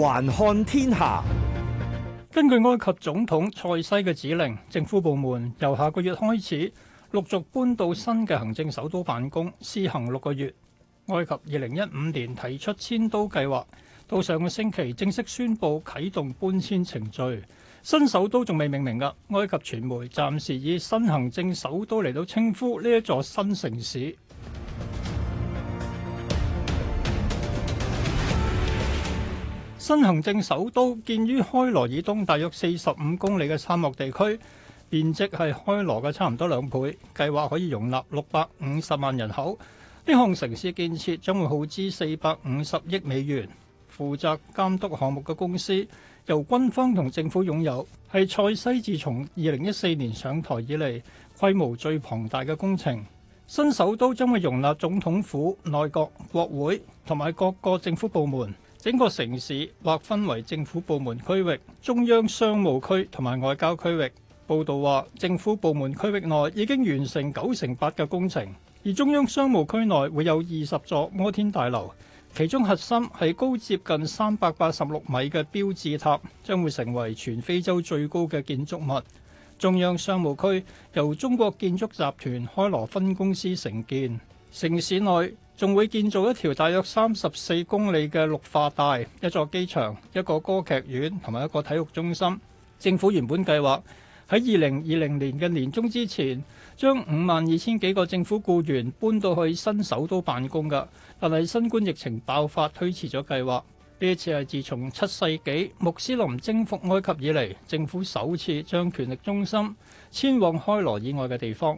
環看天下，根據埃及總統塞西嘅指令，政府部門由下個月開始陸續搬到新嘅行政首都辦公，施行六個月。埃及二零一五年提出遷都計劃，到上個星期正式宣布啟動搬遷程序。新首都仲未命名噶，埃及傳媒暫時以新行政首都嚟到稱呼呢一座新城市。新行政首都建於開羅以東大約四十五公里嘅沙漠地區，面積係開羅嘅差唔多兩倍，計劃可以容納六百五十萬人口。呢項城市建設將會耗資四百五十億美元。負責監督項目嘅公司由軍方同政府擁有，係塞西自從二零一四年上台以嚟規模最龐大嘅工程。新首都將會容納總統府、內閣、國會同埋各個政府部門。整個城市劃分為政府部門區域、中央商務區同埋外交區域。報道話，政府部門區域內已經完成九成八嘅工程，而中央商務區內會有二十座摩天大樓，其中核心係高接近三百八十六米嘅標誌塔，將會成為全非洲最高嘅建築物。中央商務區由中國建築集團開羅分公司承建。城市內。仲會建造一條大約三十四公里嘅綠化帶，一座機場，一個歌劇院同埋一個體育中心。政府原本計劃喺二零二零年嘅年中之前，將五萬二千幾個政府雇員搬到去新首都辦公㗎，但係新冠疫情爆發推遲了計劃，推遲咗計劃。呢一次係自從七世紀穆斯林征服埃及以嚟，政府首次將權力中心遷往開羅以外嘅地方。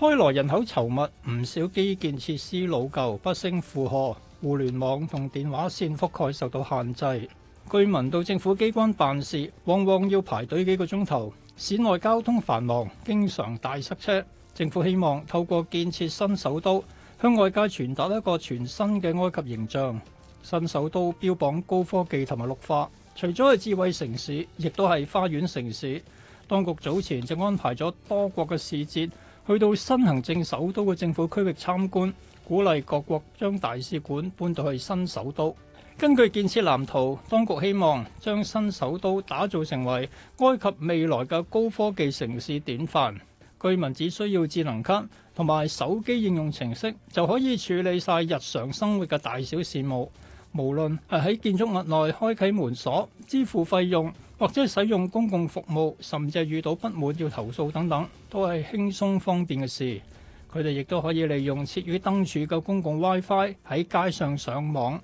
開羅人口稠密，唔少基建設施老舊，不勝負荷。互聯網同電話線覆蓋受到限制。居民到政府機關辦事，往往要排隊幾個鐘頭。市內交通繁忙，經常大塞車。政府希望透過建設新首都，向外界傳達一個全新嘅埃及形象。新首都標榜高科技同埋綠化，除咗係智慧城市，亦都係花園城市。當局早前就安排咗多國嘅使節。去到新行政首都嘅政府區域參觀，鼓勵各國將大使館搬到去新首都。根據建設藍圖，當局希望將新首都打造成為埃及未來嘅高科技城市典範，居民只需要智能卡同埋手機應用程式，就可以處理晒日常生活嘅大小事務。無論係喺建築物內開啓門鎖、支付費用，或者係使用公共服務，甚至係遇到不滿要投訴等等，都係輕鬆方便嘅事。佢哋亦都可以利用設於燈柱嘅公共 WiFi 喺街上上網。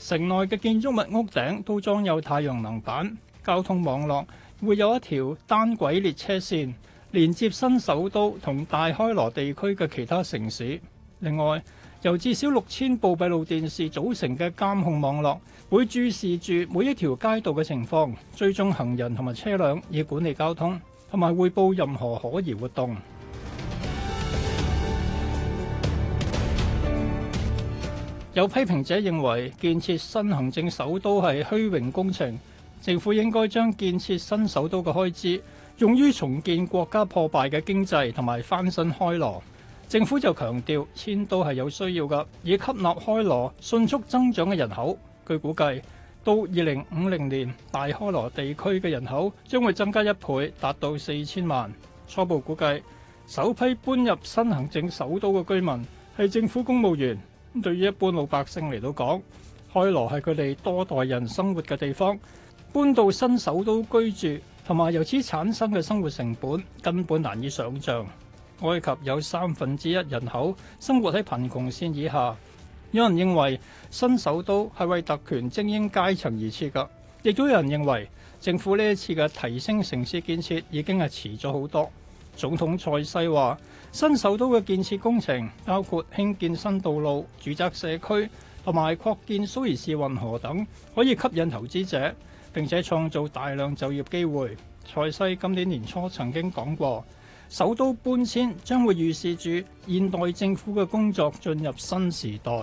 城內嘅建築物屋頂都裝有太陽能板，交通網絡會有一條單軌列車線，連接新首都同大開羅地區嘅其他城市。另外，由至少六千部閉路電視組成嘅監控網絡，會注視住每一條街道嘅情況，追蹤行人同埋車輛，以管理交通同埋匯報任何可疑活動。有批評者認為，建設新行政首都係虛榮工程，政府應該將建設新首都嘅開支用於重建國家破敗嘅經濟同埋翻新開羅。政府就強調遷都係有需要嘅，以吸納開羅迅速增長嘅人口。據估計，到二零五零年，大開羅地區嘅人口將會增加一倍，達到四千萬。初步估計，首批搬入新行政首都嘅居民係政府公務員。對於一般老百姓嚟到講，開羅係佢哋多代人生活嘅地方，搬到新首都居住同埋由此產生嘅生活成本根本難以想像。埃及有三分之一人口生活喺貧窮綫以下，有人認為新首都係為特權精英階層而設嘅，亦都有人認為政府呢一次嘅提升城市建設已經係遲咗好多。總統塞西話新首都嘅建設工程包括興建新道路、住宅社區同埋擴建蘇伊士運河等，可以吸引投資者並且創造大量就業機會，塞西今年年初曾經講過。首都搬遷將會預示住現代政府嘅工作進入新時代。